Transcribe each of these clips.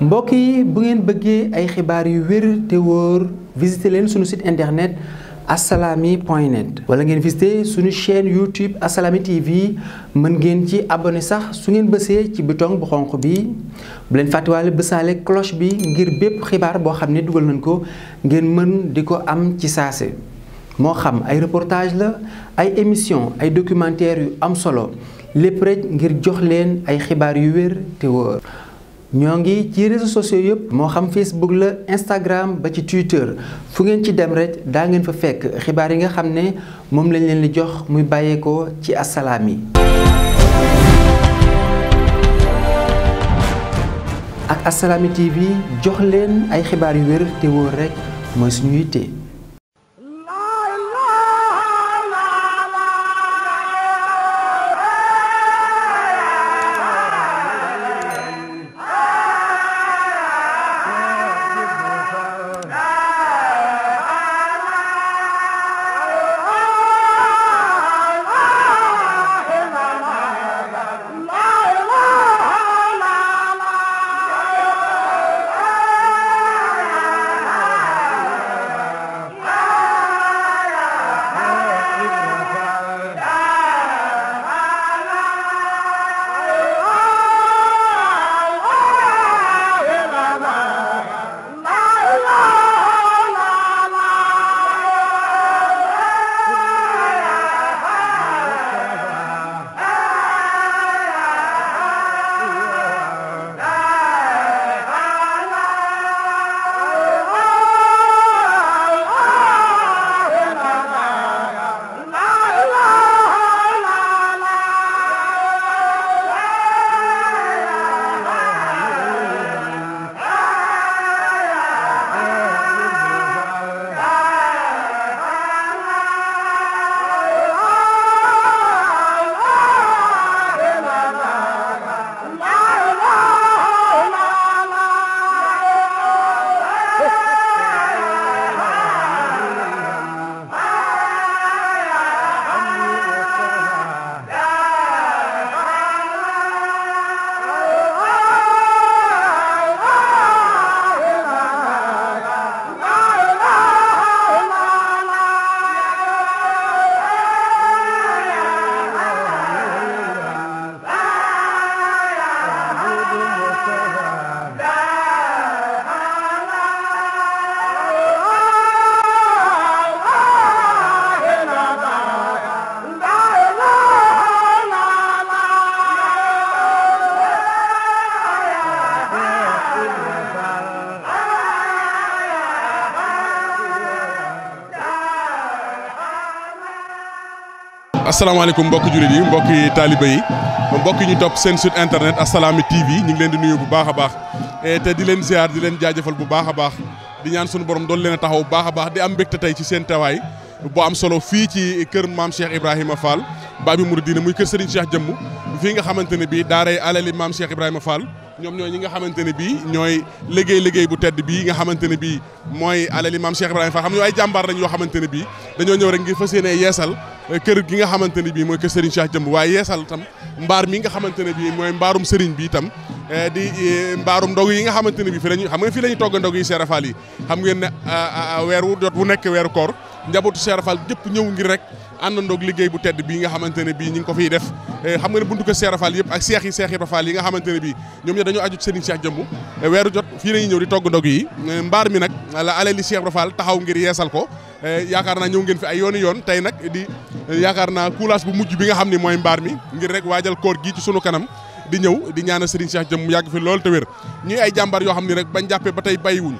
mbokk yi bu ngeen bëggee ay xibaar yu wér te wóor visité leen suñu site internet asalaami point net wala ngeen visité suñu chaîne YouTube asalaami TV mën ngeen ci abonné sax su ngeen bësee ci bouton bu xonq bi bu leen fàttewaale bësaale cloche bi ngir bépp xibaar boo xam ne dugal nañ ko ngeen mën di ko am ci saase moo xam ay reportage la ay émission ay documentaire yu am solo lépp rek ngir jox leen ay xibaar yu wér te wóor ñoo ngi ci réseaux sociaux yëpp moo xam Facebook la Instagram ba ci Twitter fu ngeen ci dem rek daa ngeen fa fekk xibaar yi nga xam ne moom lañ leen di jox muy bàyyeekoo ci Assalaamy ak Assalaamy TV jox leen ay xibaar yu wér te wóor rek mooy suñu yitte. asalaamaaleykum mbokki jullit yi mbokki taaliba yi mbokki ñu topp seen site internet Assalaamy TV ñu ngi leen di nuyu bu baax a baax eh, te di leen ziar di leen jaajafal bu baax a baax di ñaan sunu borom doon leen a taxaw bu baax a baax di am mbégte tey ci seen tawaay bu am solo fii ci kër maam Cheikh Ibrahima mu Babi Mouridina muy kër Serigne Cheikh jëmm fii nga xamante ne bii daaray alali maam Cheikh Ibrahima Fall ñoom ñooy ñi nga xamante ne bii ñooy liggéey liggéey bu tedd bii nga xamante ne bii mooy alali maam Cheikh Ibrahima ay jàmbaar lañ yoo xamante ne bii dañoo ñëw rek ngir fas yéene yeesal kër gi nga xamante ne bii mooy kër Serigne Cheikh Jëmb waaye yeesal tam mbaar mi nga xamante ne bii mooy mbaarum Serigne bi itam eh, di eh, mbaarum ndog yi nga xamante ne bii fi lañu xam nga fii la ñu togg yi Cheikh Fall yi xam ngeen ne ah, ah, ah, weer wu jot bu nekk weeru koor njabootu Cheikh Fall yëpp ñëw ngir rek àndandoog liggéey bu tedd bii nga xamante ne bii ñi ngi ko fiy def eh, xam nga ne buntu ko Cheikh yëpp ak seex yi seex Ibra yi nga xamante ne bii ñoom ñe dañoo aju Serigne Cheikh Jëmb weeru jot fii la ñuy ñëw di togg yi mbaar mi nag la alali Cheikh Ibra Fall taxaw ngir yeesal ko yaakaar naa ñëw ngeen fi ay yooni yoon tey nag di yaakaar naa coulage bu mujj bi nga xam ne mooy mbaar mi ngir rek waajal koor gi ci sunu kanam di ñëw di ñaana Serigne Cheikh jëm mu yàgg fi lool te wér ñuy ay jàmbaar yoo xam ni rek bañ jàppee ba tey bàyyiwuñ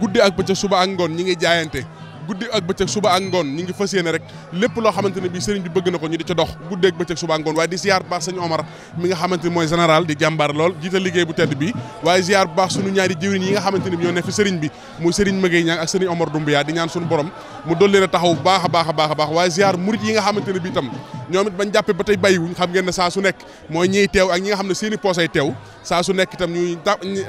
guddi ak bëccëg suba ak ngoon ñi ngi jaayante guddi ak bëccëg suba ak ngoon ñu ngi fas yéene rek lépp loo xamante ne sëriñ bi bëgg na ko ñu di ca dox guddi ak bëccëg suba ak ngoon waaye di ziar baax sëñ Omar mi nga xamante mooy ne bi ñoo ne fi sëriñ bi muy sëriñ Mëgey Ñaang ak sëriñ Omar Dumbuya di ñaan sunu borom mu dool leen a taxaw bu baax a baax a baax baax waaye ziar murit yi nga xamante bi tam ñoom it bañ jàppee ba tey bàyyiwuñ xam ngeen ne saa su nekk mooy ñiy teew ak ñi nga xam ne seeni poosay teew saa su nekk itam ñuy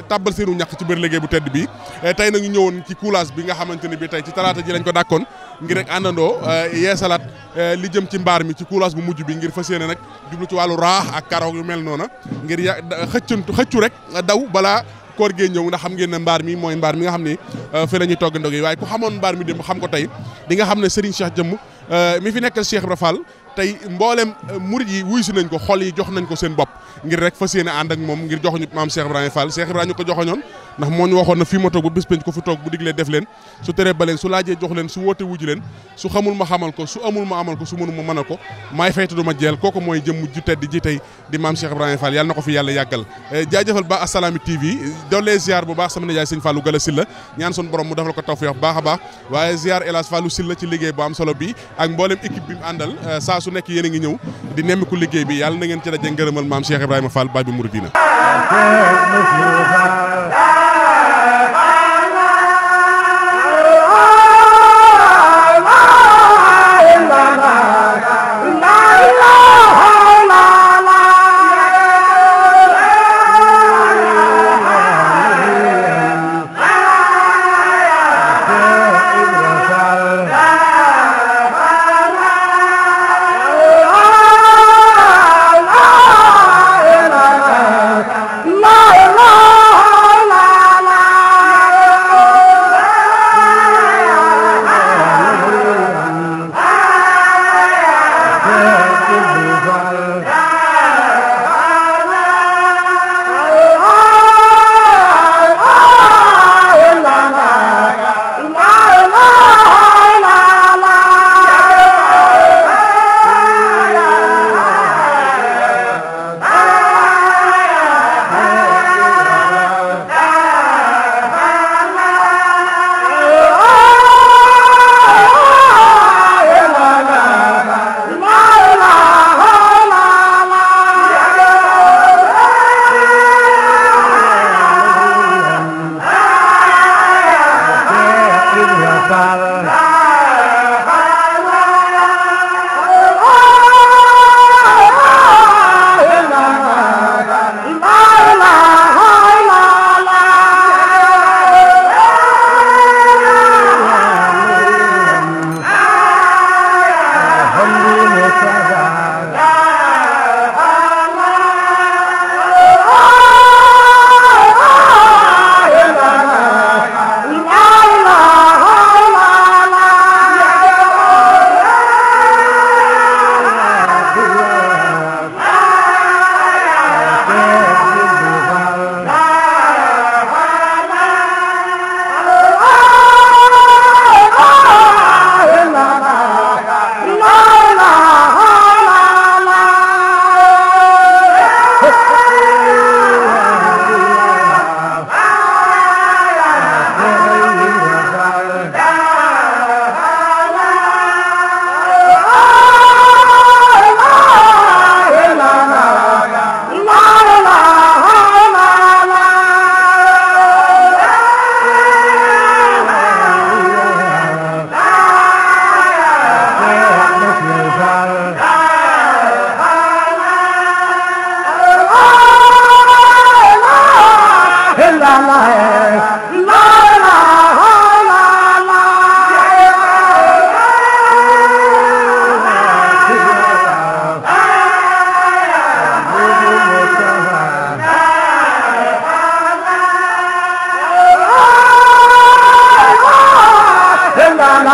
tàbbal seenu ñàkk ci biir liggéey bu tedd bi eh, tey nag ñu ñëwoon ci coulage bi nga xamante ni bi tey ci talaata ji lañ ko dàkkoon ngir rek àndandoo eh, yeesalaat eh, li jëm ci mbaar mi ci coulage bu mujj bi ngir fa yéene rek jublu ci wàllu raax ak karoog yu mel noona ngir ya xëccantu xëccu rek daw balaa koor gee ñëw ndax xam ngeen ne mbaar mi mooy mbaar mi nga xam ne fi la ñuy togg ndog yi waaye ku xamoon mbaar mi démb xam ko tey di nga xam ne Serigne Cheikh jëmm mi fi nekkal Cheikh Ibra Fall tey mboolem murid yi wuy si nañ ko xol yi jox nañ ko seen bopp ngir rek fas yéene ànd ak moom ngir joxuñu maam Cheikh Ibrahima Fall Cheikh Ibrahima ñu ko joxoñoon ndax moo ñu waxoon na fii ma toog ba bis penc ko fi toog bu diglee def leen su teree ba leen su laajee jox leen su woote wuji leen su xamul ma xamal ko su amul ma amal ko su mënu ma mënal ko maay fayta du ma jeel kooku mooy jëmm ju tedd ji tey di maam Cheikh Ibrahima Fall yàlla na ko fi yàlla yàggal eh, jaajëfal baax Assalaamy TV doolee ziar bu baax sama nijaay Sëñ Fallou Gala Silla ñaan son borom mu defal ko tawfeex baax a baax waaye ziar El Hadj liggéey bu am solo bi ak mboolem eh, su nekk yéen ngi ñëw di nemmiku liggéey bi yàlla na ngeen ci daje ngërëmal maam Cheikh Ibrahima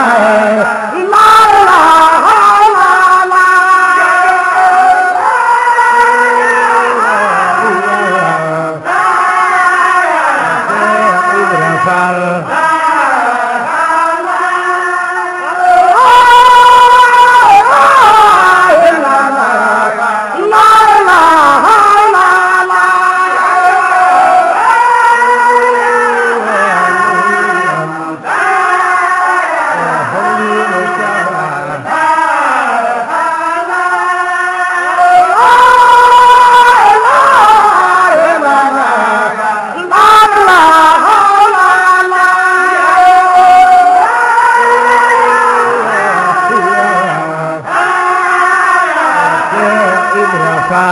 maa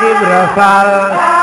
Ibra Fall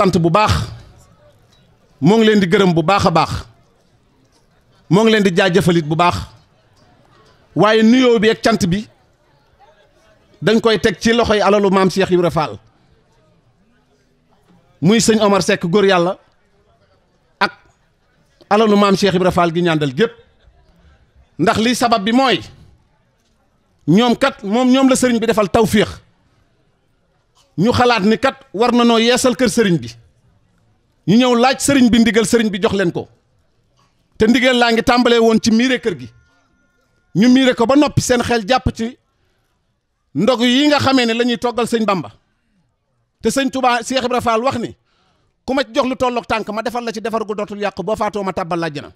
sant bu baax moo ngi leen di gërëm bu baax a baax moo ngi leen di jaajëfalit bu baax waaye nuyoo bi ak cant bi dañ koy teg ci loxoy alalu maam seex Ibra Fall muy sëñ Omar Seck góor yàlla ak alalu maam Cheikh Ibra Fall gi ñàndal gépp ndax lii sabab bi mooy ñoom kat moom ñoom la sëriñ bi defal tawféex ñu xalaat ni kat war na noo yeesal kër sëriñ bi ñu ñëw laaj sëriñ bi ndigal sëriñ bi jox leen ko te ndigal laa ngi tàmbalee woon ci miire kër gi ñu miire ko ba noppi seen xel jàpp ci ndog yi nga xamee ne lañuy toggal sëñ Bamba te sëñ Touba Cheikh bi Fall wax ni ku ma jox lu tolloog tànk ma defal la ci defar gu dootul yàqu boo faatoo ma tàbbal laaj na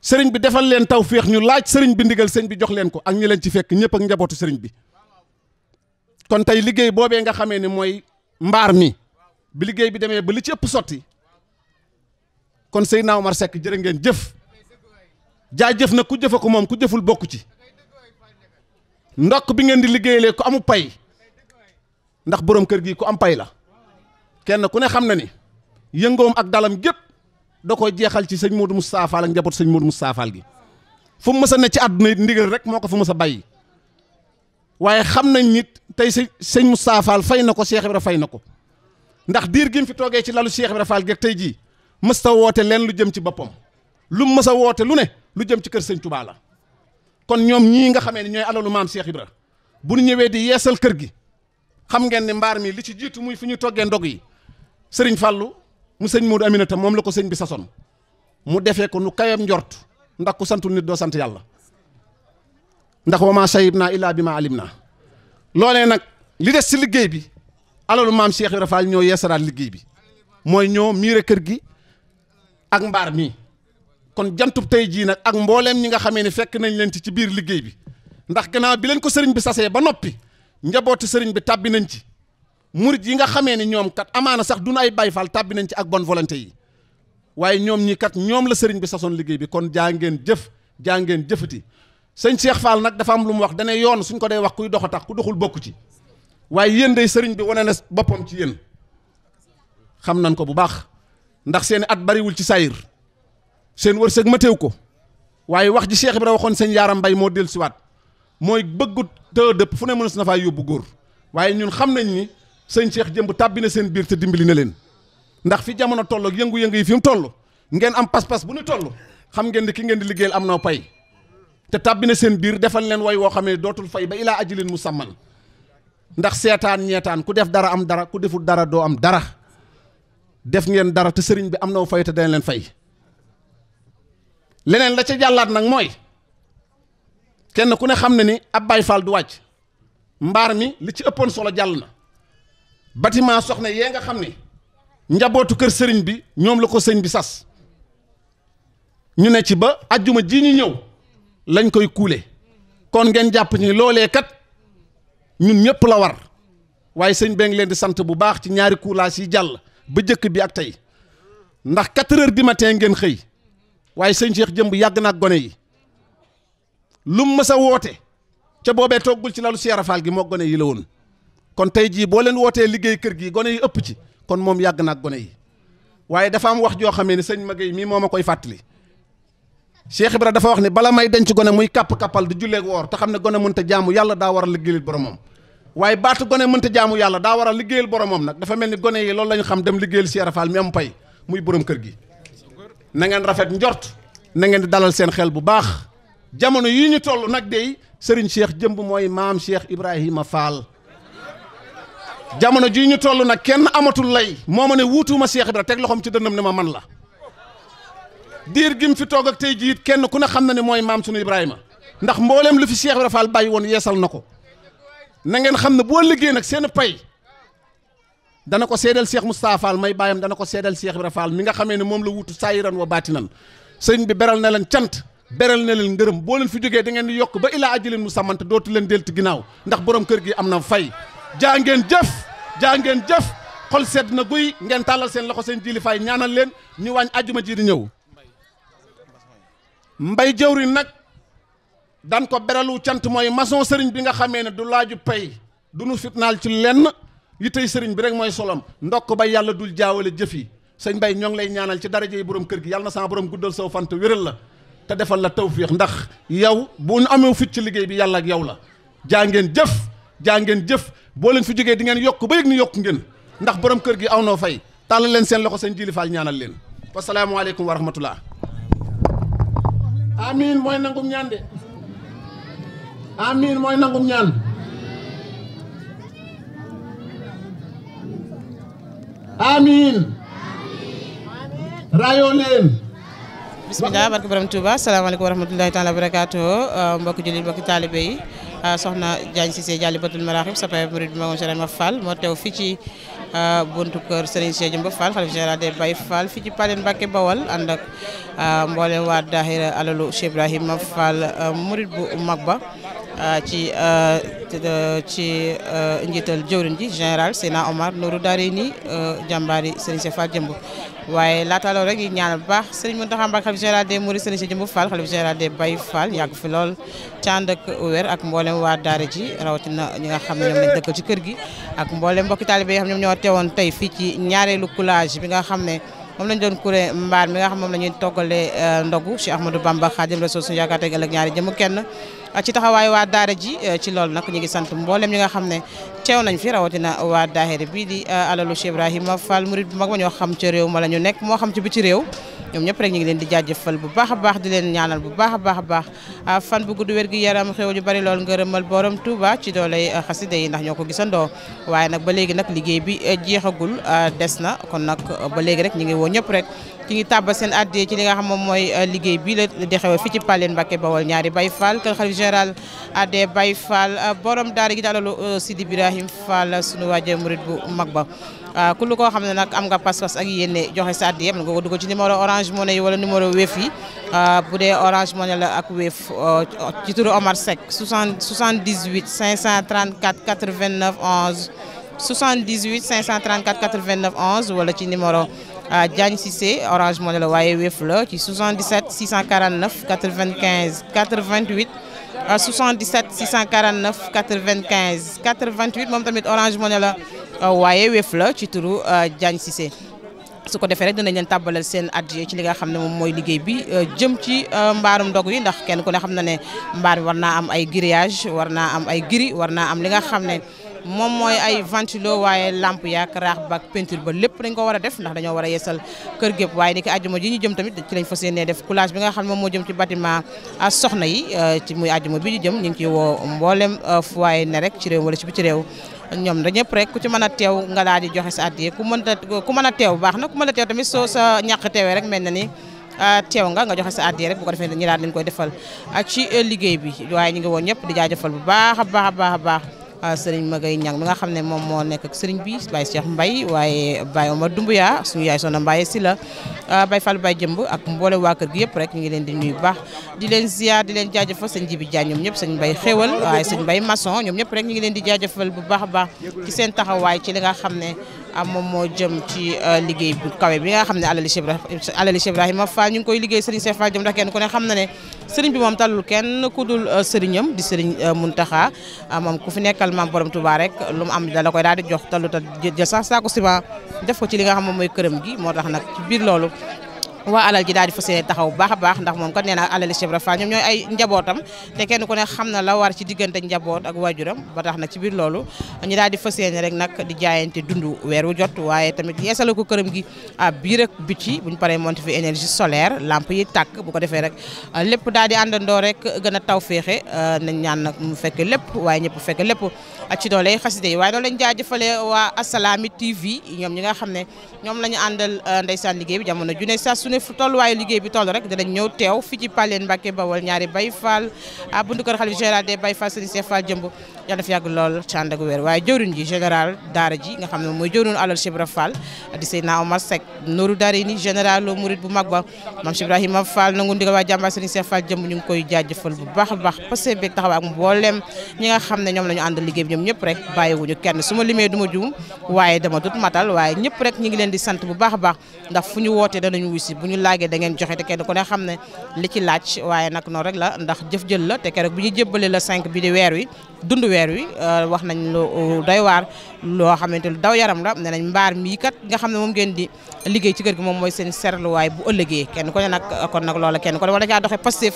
sëriñ bi defal leen taw féex ñu laaj sëriñ bi ndigal sëñ bi jox leen ko ak ñi leen ci fekk ñëpp ak njabootu sëriñ bi. kon tey liggéey boobee nga xamee ni mooy mbaar mi bi liggéey bi demee ba li ci ëpp sotti kon Seydina ma sekk jërë ngeen jëf jaa jëf na ku jëfa ko moom ku jëful bokku ci ndokk bi ngeen di liggéeyalee ku amu pay ndax boroom kër gi ku am pay la kenn ku ne xam na ni yëngoom ak dalam gépp da ko jeexal ci sëñ Modou Moustapha Fall ak njaboot sëñ Modou mu Fall gi fu mu mës a ne ci àdduna it ndigal rek moo ko fa mës a bàyyi waaye xam nañ nit tey sëñ sëñ Moustapha Fall fay na ko Cheikh Ibra fay na ko ndax diir gi fi toogee ci lalu Cheikh Ibra Fall gi tey jii mës woote leen lu jëm ci boppam lu mës a woote lu ne lu jëm ci kër sëñ Touba la kon ñoom ñii nga xamee ne ñooy alalu maam Cheikh rek bu ñu ñëwee di yeesal kër gi xam ngeen ne mbaar mi li ci jiitu muy fu ñu toggee ndog yi sëriñ Fallou mu sëñ Modou Aminata moom la ko sëñ bi sason mu defee ko nu kayam njort ndax ku santul nit doo sant yàlla ndax wa maa sayib naa illaa bi ma loole nag li des ci liggéey bi alalu maam Cheikh Ibra Fall ñoo yeesaraat liggéey bi mooy ñoo miire kër gi ak mbaar mii kon jantub tey jii nag ak mbooleem ñi nga xamee ni fekk nañ leen ci ci biir liggéey bi ndax gannaaw bi leen ko sëriñ bi sasee ba noppi njabooti sëriñ bi tàbbi nañ ci murit yi nga xamee ni ñoom kat amaana sax duna ay bay Faal tàbbi nañ ci ak bon volonté yi waaye ñoom ñii kat ñoom la sëriñ bi sasoon liggéey bi kon jaa ngeen jëf jaa jëfati sëñ Cheikh Fall nag dafa am lu mu wax dane yoon suñ ko dee wax kuy dox a tax ku doxul bokku ci waaye yéen day sëriñ bi wane na boppam ci yéen xam nañ ko bu baax ndax seeni at bariwul ci sayir seen wërsëg mateew ko waaye wax ji bi Ibra waxoon sëñ yaaram mbay moo siwaat mooy bëggut te dëpp fu ne mënees na faa yóbbu góor waaye ñun xam nañ ni sëñ Cheikh jëmb tàbbi na seen biir te dimbali na leen ndax fi jamono toll ak yëngu-yëngu yi fi mu toll ngeen am pas-pas bu ñu toll xam ngeen ni ngeen di liggéeyal am na pay te tàbbi na seen biir defal leen way woo xam ne dootul fay ba ilaa ajalin musamman ndax seetaan ñeetaan ku def dara am dara ku deful dara doo am dara def ngeen dara te sëriñ bi am na fay te dana leen fay leneen la ca jàllaat nag mooy kenn ku ne xam ne ni ab Baay Faal du wàcc mbaar mi li ci ëppoon solo jàll na bâtiment soxna yee nga xam ne njabootu kër sëriñ bi ñoom la ko sëñ bi sas ñu ne ci ba ajjuma ji ñu ñëw lañ koy kuule kon ngeen jàpp ni loolee kat ñun ñëpp la war waaye sëñ bee leen di sant bu baax ci ñaari kuulaas yi jàll ba jëkk bi ak tey ndax quatre heures du matin ngeen xëy waaye sëñ Cheikh jëmb yàgg naa gone yi lum mës a woote ca boobee toggul ci lalu Cheikh Fall gi moo gone yi la woon kon tey jii boo leen wootee liggéey kër gi gone yi ëpp ci kon moom yàgg naa gone yi waaye dafa am wax joo xamee ni sëñ Maguette mii moo ma koy fàttali. Cheikh Ibra dafa wax ne bala may denc gone muy kàpp-kàppal di julleeg woor te xam ne gone mënta jaamu yàlla daa war a liggéeyal boromam waaye baatu gone mënta jaamu yàlla daa war a liggéeyal boromam nag dafa mel ni gone yi loolu lañu xam dem liggéeyal Cheikh Ibra Fall mi pay muy borom kër gi na rafet njort na ngeen di dalal seen xel bu baax jamono yi ñu toll nag day Serigne Cheikh jëmb mooy maam Cheikh Ibrahima Fall jamono jii ñu toll nag kenn amatul lay moo ma ne wuutuuma Cheikh Ibra teg loxoom ci dëndam ne ma man la diir gi fi toog ak tey jii kenn ku ne xam na ne mooy maam sunu Ibrahima ndax mboolem lu fi Cheikh Ibra Fall bàyyi woon yeesal na ko nangeen xam ne boo liggéey nag seen pay dana ko seedal Cheikh mu Fall may bàyyam dana ko seedal Cheikh Ibra Fall mi nga xamee ne moom la wutu saayiran wa baatinan sëñ bi beral na leen cant beral na leen ngërëm boo leen fi jógee da ngeen di yokk ba ilaa ajalin mu te dootu leen delti ginnaaw ndax borom kër gi am na fay jaa ngeen jëf jaa ngeen jëf sedd na guy ngeen tàllal seen loxo seen jili fay ñaanal leen ñu wàññ ajuma ji di ñëw mbay jëwriñ nag dan ko beralu cant mooy maçon sëriñ bi nga xamee ne du laaju pay du nu fitnaal ci lenn yi tey sëriñ bi rek mooy solom ndokk ba yàlla dul jaawale jëf yi sëñ bay ñoo ngi lay ñaanal ci daraja yi borom kër gi yàlla na sama borom guddal saw fant wéral la te defal la tawfiix ndax yow bu nu amee fit ci liggéey bi yàlla ak yow la jaa ngeen jëf jaa ngeen jëf boo leen fi jógee di ngeen yokk ba yëg ni yokk ngeen ndax borom kër gi aw noo fay tàll leen seen loxo seen jili faal ñaanal leen wasalaamualeykum wa rahmatullah amiin mooy nangum ñaan de amiin mooy nangum ñaan amiin raayoo leen bismillah barke borom Touba asalaamaaleykum wa rahmatulahi taala wa barakaatu euh, mbokki jullit mbokki taalibe yi euh, soxna Diagne Cissé Diallibatul Maraaxib sa pay murid bi ma ngoon Fall moo teew fii ci buntu kër Serigne Cheikh Jumba Fall xalif général des Baye Fall fii ci Palen Mbacke Bawal ànd ak mboolem waa daahira alalu Cheikh Ibrahima Fall euh, murid bu mag ba Euh, ci euh, euh, ci njiital jëwriñ ji général Seyna Omar Nourou Darayni jàmbaari Serigne Cheikh Fall Jëmb waaye laata loolu rek ñu ñaanal bu baax Serigne Mountakha Mbacké xalif général des Mourides Serigne Cheikh Jëmb Fall xalif général des Baye Fall yàgg fi lool ci ànd ak wér waa daara ji rawatina ñi nga xam ne ñoom lañ dëkkal ci kër gi ak mboolem mbokki taalibe xam ñoom ñoo teewoon tey fii ci ñaareelu coulage bi nga xam ne moom lañ doon kure mbaar mi nga xam moom la ñuy toggalee euh, ndogu Cheikh Ahmadou Bamba Khadim Rasoul suñu yaakaar tey ëllëg ñaari jëm kenn ci taxawaayu waa daara ji euh, ci loolu nag ñu ngi sant mboolem ñi nga xam ne teew nañ fi rawatina waa daahira bii di euh, alalu Cheikh Ibrahima Fall murid bu mag ma ñoo xam ci réew ma la ñu nekk moo xam ci biti réew ñoom ñëpp rek ñu ngi leen di jaajëfal bu baax a baax di leen ñaanal bu baax a baax a baax ah, fan bu gudd wér gi yaram xew ju bari lool ngërëmal borom Touba ci doolay euh, xasida yi ndax ñoo ko gisandoo waaye nag ba léegi nag liggéey bi euh, jeexagul des na kon nag ba léegi rek ñu ngi woo ñëpp rek ñu ngi tàbbal seen àddee ci li nga xam moom mooy euh, liggéey bii la dexew fii ci Palen Mbacké Bawol ñaari Baye Fall kër xalif général àddee Baye euh, euh, sunu waaja murit bu mag ba ku lu koo xam ne nag am nga pas-pas ak yéene joxe sa àddee nga ko dugal ci numéro Orange Money wala numéro Wave yi bu dee Orange Money la ak Wave ci turu Omar Seck 78 534 89 11 78 wala ci numéro Diagne Cissé Orange Money la waaye Wave la ci 77 649 95 88 77 649 95 88 moom tamit Orange Money la waaye Wave la ci turu Diagne Cissé su ko defee rek dinañ leen tàbbalal seen addiya ci li nga xam ne moom mooy liggéey bi euh, jëm ci euh, mbaarum ndog wi ndax kenn ku ne xam na ne mbaar bi war naa am ay grillage war naa am ay giri war naa am li nga xam ne moom mooy ay ventilo waaye lamp yaak raax baak peinture ba lépp dañ ko war a def ndax dañoo war a yeesal kër gépp waaye ni ki ajuma ji ñu jëm tamit ci lañ fas yéenee def coulage bi nga xam ne moom moo jëm ci bâtiment soxna euh, muy ajuma bi ñu jëm ñu ngi ciy woo mboolem euh, foyer ne rek ci réew wala ci bi ci réew ñoom da ñëpp rek ku ci mën a teew nga daal di joxe sa addiye ku mën a ku mën a teew baax na ku mën a teew tamit soo sa ñàkk teewee rek mel na ni euh, teew nga nga joxe sa addiye rek bu ko defee ñi daal leen koy defal a ci liggéey bi waaye ñu ngi woon ñëpp di jaajëfal bu baax a baax a baax a baax Ah, sëriñ Magay Ñang mi nga xam ne moom moo nekk ak sëriñ bi Baye Cheikh Mbaye waaye Baye Omar Dumbuya suñu yaay Soxna Mbaye si la ah, Baye Fall Baye Jëmb ak mboole waa kër gi yëpp rek ñu ngi leen di nuyu baax di leen ziar di leen jaajëfal sëñ Jibi Jaan ñoom ñëpp sëñ Mbaye xéwal waaye sëñ Mbaye maçon ñoom ñëpp rek ñu ngi leen di jaajëfal bu baax a baax ci seen taxawaay ci li nga xam ne moom moo jëm ci euh, liggéey bu kawee bi nga xam ne alali Cheikh Ibrahima Fall ñu ngi koy liggéey Serigne Cheikh Fall jëm ndax kenn ku ne xam na ne Serigne bi moom talul kenn ku dul euh, Serignam di Serigne euh, Mountakha moom ku fi nekkal maam borom Touba rek lu mu am da koy daal di jox talu ta ja sax saako ciment def ko ci li nga xam moom mooy këram gi moo tax nag ci biir loolu waa alal ji daal di fas yéene taxaw bu baax a baax ndax moom kat nee na alali Cheikh Ibra Fall ñoom ñooy ay njabootam te kenn ku ne xam na la war ci diggante njaboot ak waajuram ba tax na ci biir loolu ñu daal di fas yéene rek nag di jaayante dundu weer wu jot waaye tamit yeesala ko këram gi à biir ak biti buñ paree monté fi énergie solaire lamp tàkk bu ko defee rek lépp daal di àndandoo rek gën a taw féexe euh, nañ ñaan nag mu fekk lépp waaye ñëpp fekk lépp ci dooley xasida yi waaye noonu lañ jaajëfalee waa Assalaamy TV ñoom ñi nga xam ne ñoom la ñu àndal euh, ndeysaan liggéey bi jamono ju ne saa ne fu tolluwaayu liggéey bi mooy jëwriñu alal Cheikh Ibra Fall di Seydina Omar nooru daara yi ni général bu mag ba maam Cheikh Ibrahima nangu ndigal waa jàmbaar Serigne Cheikh Fall jëmb ñu ngi koy jaajëfal bu baax a baax parce que taxaw ak mboolem ñi nga xam ne ñoom la ñu liggéey bi ñoom ñëpp rek bàyyiwuñu kenn su ma limee du ma juum waaye dama dut matal waaye ñëpp rek ñu ngi leen di sant bu baax a baax ndax fu ñu wootee danañu wuy si bu ñu laajee da ngeen joxe te ko ne xam ne li ci laaj waaye nag noonu rek la ndax jëf jël la te keroog bu ñu jëbbalee la cinq bi di weer wi dund weer wi euh, wax nañ lu euh, doy waar loo xamante lu daw yaram la ne nañ mbaar mii kat nga xam ne moom ngeen di liggéey ci kër gi moom mooy seen serluwaay bu ëllëgee kenn ko ne nag euh, kon nag loola kenn ko ne wala caa doxee positif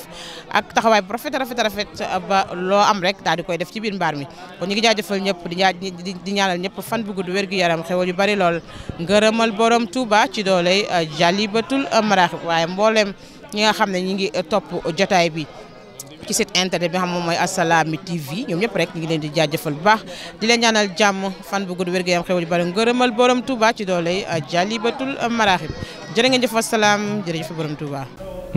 ak taxawaay bu rafet rafet rafet ba loo am rek daal di koy def ci biir mbaar mi kon ñu ngi jaajëfal ñëpp di di ñaanal ñëpp fan bu gudd wér gu yaram xewal yu bari lool ngërëmal borom Touba ci dooley Jalibatul Maraaxib waaye mboolem ñi nga xam ne ñi ngi topp jotaay bi ci site internet bi xam moom mooy Assalaamy TV ñoom ñëpp rek ñu ngi leen di jaajëfal bu baax di leen ñaanal jàmm fan bu gudd wér-gu-yaram xewal yu bari ngërëmal borom Touba ci dooley uh, Jalibatul Maraaxib jërë ngeen jëf wasalaam jërëjëf borom Touba.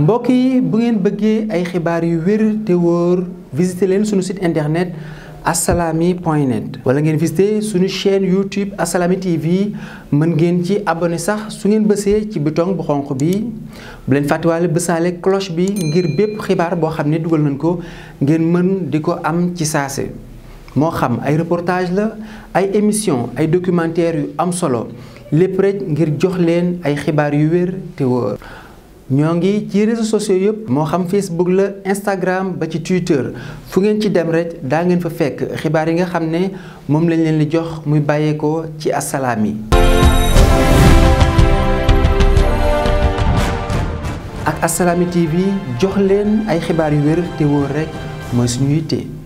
mbokk yi bu ngeen bëggee ay xibaar yu wér te wóor visité leen sunu site internet. asalaami point net wala ngeen visité suñu chaîne YouTube Assalaamy TV mën ngeen ci abonné sax su ngeen bësee ci bouton bu xonq bii bu leen fàttewaale bësaale cloche bi ngir bépp xibaar boo xam ne dugal nañ ko ngeen mën di ko am ci saase moo xam ay reportage la ay émission ay documentaire yu am solo lépp rek ngir jox leen ay xibaar yu wér te wóor ñoo ngi ci réseaux sociaux yëpp moo xam Facebook la Instagram ba ci Twitter fu ngeen ci dem rek daa ngeen fa fekk xibaar yi nga xam ne moom lañ leen di jox muy bàyyeekoo ci Assalaamy ak Assalaamy TV jox leen ay xibaar yu wér te wóor rek mooy suñu yitte.